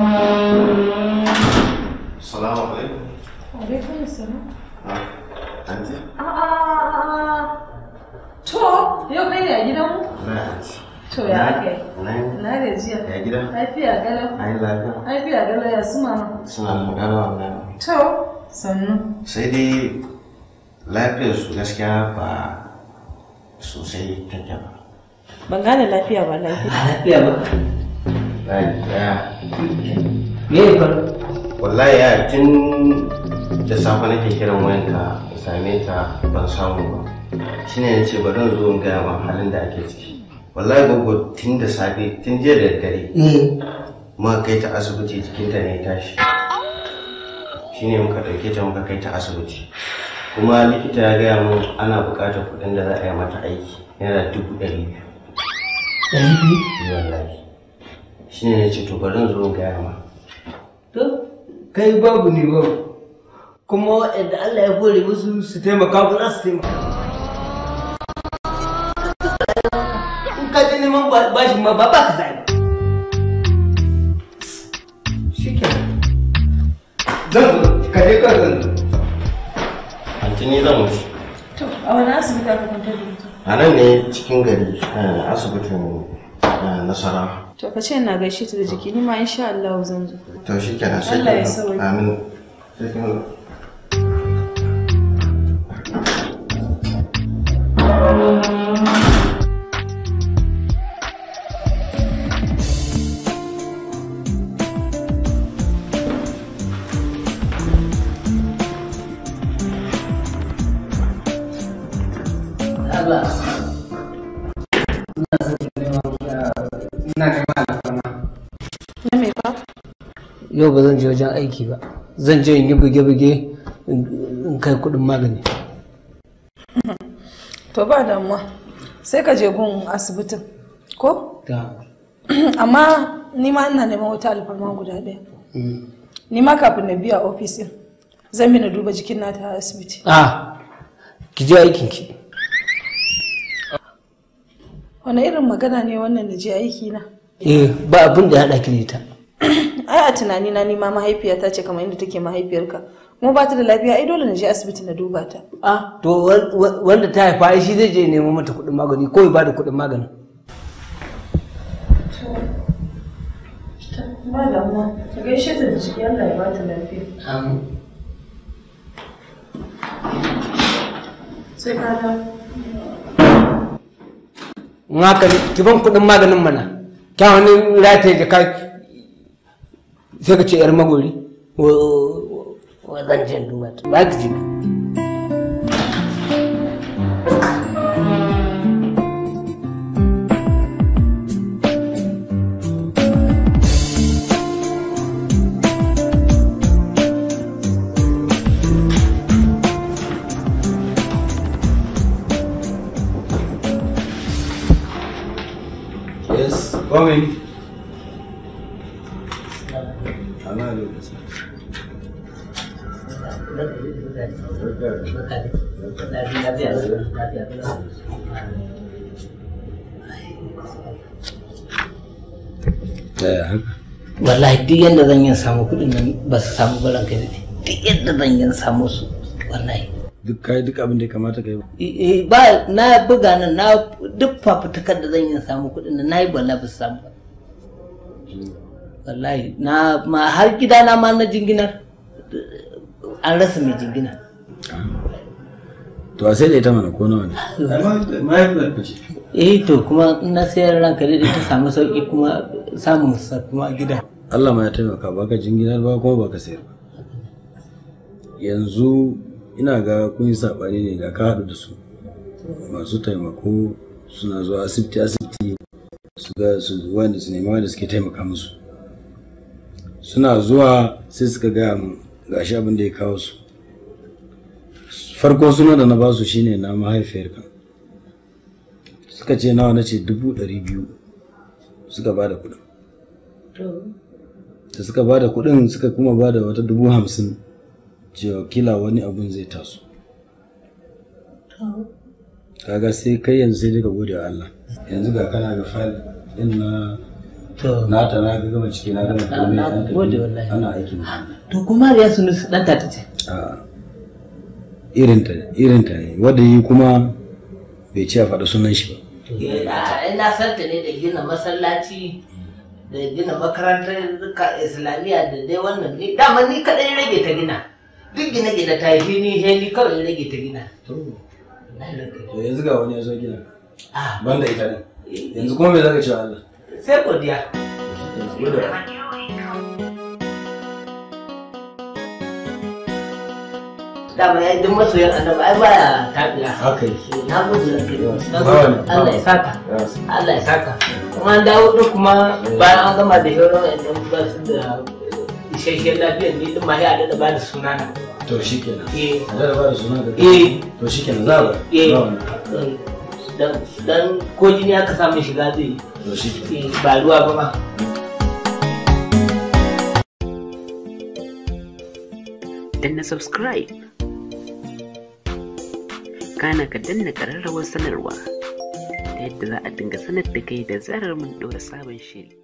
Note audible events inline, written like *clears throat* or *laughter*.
Salamu alaikum. Alaikum salam. Anti? A'a. Ah, ah, ah, to, yau kai ne a gidanmu? Na To ya kai. Na gajiya. Ya gida? Lafiya galau. Ai lafiya. Lafiya galau ya suma ma. Suna mu galau wannan. To, sannu. Sai lafiyar su gaskiya ba sosai ba. Ban gane lafiya ba lafiya. *laughs* Lafiya ba. me ya fa wallahi ya tun da safa nake kiran wayanka in same ta ban samu ba ne shine nace bari zo in gaya ban halin da ake ciki wallahi gogo tun da safe tun jiya da daddare eh. muka kai ta asibiti jikinta ne tashi shine muka ɗauke ta muka kai ta asibiti kuma likita ya gaya min ana buƙatar kuɗin da za a yi mata aiki yana dubu ɗari biyu ɗari biyu wallahi shine nace to bari zo in gaya ma to kai babu ne babu kuma waɗanda Allah ya kore musu su taimaka ba za su taimaka in ka ji neman ma ba ba ka shike zan ka je zan ni zan wuce to a wani asibiti aka da a nan ne cikin gari eh, asibitin eh, nasarawa to ka ce na gaishe ta da jiki ni ma insha Allah zan zo to shi kenan sai Allah ya sauke amin Thank you. na mai ba yau ba zan je wajen aiki ba zan je in yi buge-buge in kai kudin magani *laughs* to ba damuwa sai ka je gun asibitin ko? *clears throat* amma ni ma ina neman wata alfarma guda ɗaya mm. ni ma kafin na biya ofisin zan bi na duba jikin nata a asibiti a ah, ki je aikinki wani irin magana ne wannan da ji aiki na eh ba abin da ya haɗa ki ta *clears throat* ai a tunani na nima mahaifiyata ce kamar inda take mahaifiyarka kuma ba ta da lafiya ai dole na je asibiti na duba ta ah to wanda ta haifa shi zai je nemo mata kuɗin magani ko ya bada kuɗin magani in ki ban kuɗin maganin mana kya wani rataye da ka sai ka ce yar magori wa zan jin duba ba ki jin Coming. Sana ada. wallahi duk yadda zan yin samu kudin nan ba su samu baran kai duk yadda zan yin samu su wallahi duk kai duk abin da ya kamata kai ba eh, eh, ba na buga nan na duk fafutukar da zan yi samu kuɗin nan nayi bala ba samu wallahi na ma har gida na ma na jinginar an rasa mai jingina to a sai da ita mana ko nawa ne eh to kuma na sayar ranka da ta samu sauki kuma samun sa kuma a gida Allah ma ya taimaka baka jinginar ba kuma baka sayar ba yanzu ina ga kun yi saɓani ne da ka haɗu da su masu taimako suna zuwa asibiti asibiti su ga su wanda su nema wanda suke taimaka musu suna zuwa sai suka gaya mu gashi abin da ya kawo su farko suna da na ba su shine na mahaifiyarka suka ce nawa na ce dubu ɗari biyu suka ba da kuɗin da suka ba da kuɗin suka kuma ba da wata dubu hamsin kila wani abun zai taso kaga sai kai yanzu sai ka gode wa Allah yanzu ga kana ga fayil din na na ta na gama ciki na gama komai gode wallahi ana aiki to kuma ya sunu su dan ta ce a irin ta irin ta ne wanda yi kuma bai ce a faɗi sunan shi ba ina eh, san ta ne da gina masallaci da gina makarantar islamiyya da dai wannan ni dama ni kadai rage ta gina duk gine gine ta yi ni heli kawai rage ta gina to yanzu ga wani ya zo gina ah. da ita ne yanzu kuma me zaka ce Allah sai godiya dama ya duk masoyan annabi ai baya tafiya haka yi na gode da Allah ya saka Allah ya saka kuma an dawo din kuma eh. bayan an gama da hirar wa'annan ba su da isasshiyar lafiyar ni duk ma ya daɗa eh. eh. ba da suna na. To shi kenan. Eh. Za ba da suna da Eh. To shi kenan za ba. Eh. Dan ko jini aka samu shiga zai yi. To shi kenan. Eh, ba ruwa ba ma. Danna subscribe. Kana ka danna ƙararrawar sanarwa ta yadda za a dinga sanar da kai da zarar mun ɗora sabon shiri.